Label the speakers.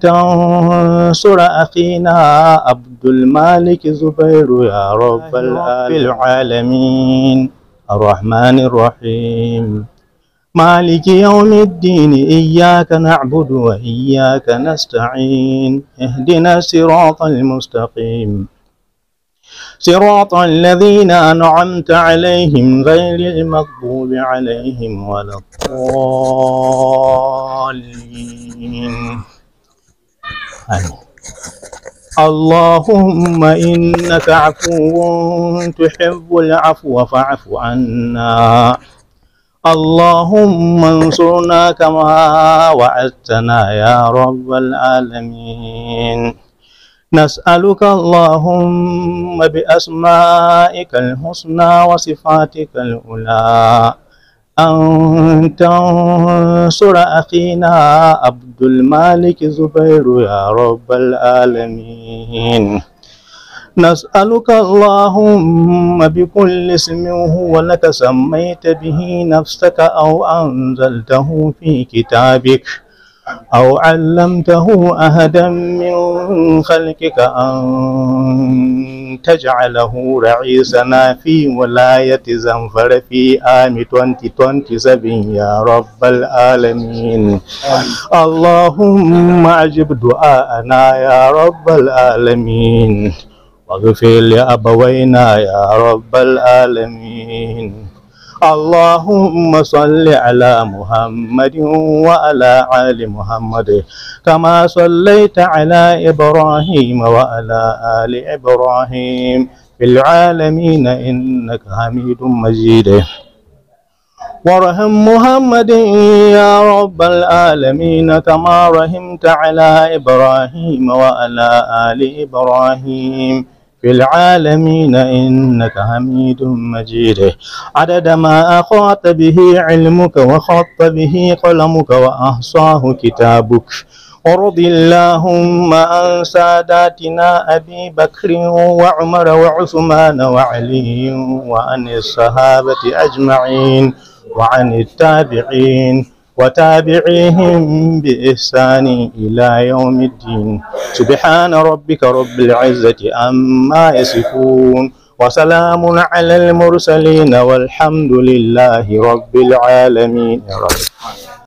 Speaker 1: تنصر أخينا عبد المالك زبير يا رب أيوة. العالمين الرحمن الرحيم مالك يوم الدين إياك نعبد وإياك نستعين اهدنا الصراط المستقيم صراط الذين أنعمت عليهم غير المغضوب عليهم ولا الضالين آمين اللهم إنك عفو تحب العفو فاعف عنا اللهم انصرنا كما وعدتنا يا رب العالمين نسألك اللهم بأسمائك الحسنى وصفاتك الأولى أن تنصر أخينا عبد المالك زبير يا رب العالمين نسألك اللهم بكل اسم هو لك سميت به نفسك أو أنزلته في كتابك أو علمته أهدا من خلقك أن أن تجعله رئيسنا في ولاية زنفر في عام 2027 يا رب العالمين اللهم أجب دعاءنا يا رب العالمين واغفر لأبوينا يا رب العالمين اللهم صل على محمد وعلى آل محمد كما صليت على إبراهيم وعلى آل إبراهيم في العالمين إنك حميد مجيد وارحم محمد يا رب العالمين كما رحمت على إبراهيم وعلى آل إبراهيم في العالمين إنك حميد مجيد عدد ما أخاط به علمك وخط به قلمك وأحصاه كتابك ارض اللهم عن ساداتنا أبي بكر وعمر وعثمان وعلي وعن الصحابة أجمعين وعن التابعين وتابعيهم بإحسان إلى يوم الدين سبحان ربك رب العزة أما يصفون وسلام على المرسلين والحمد لله رب العالمين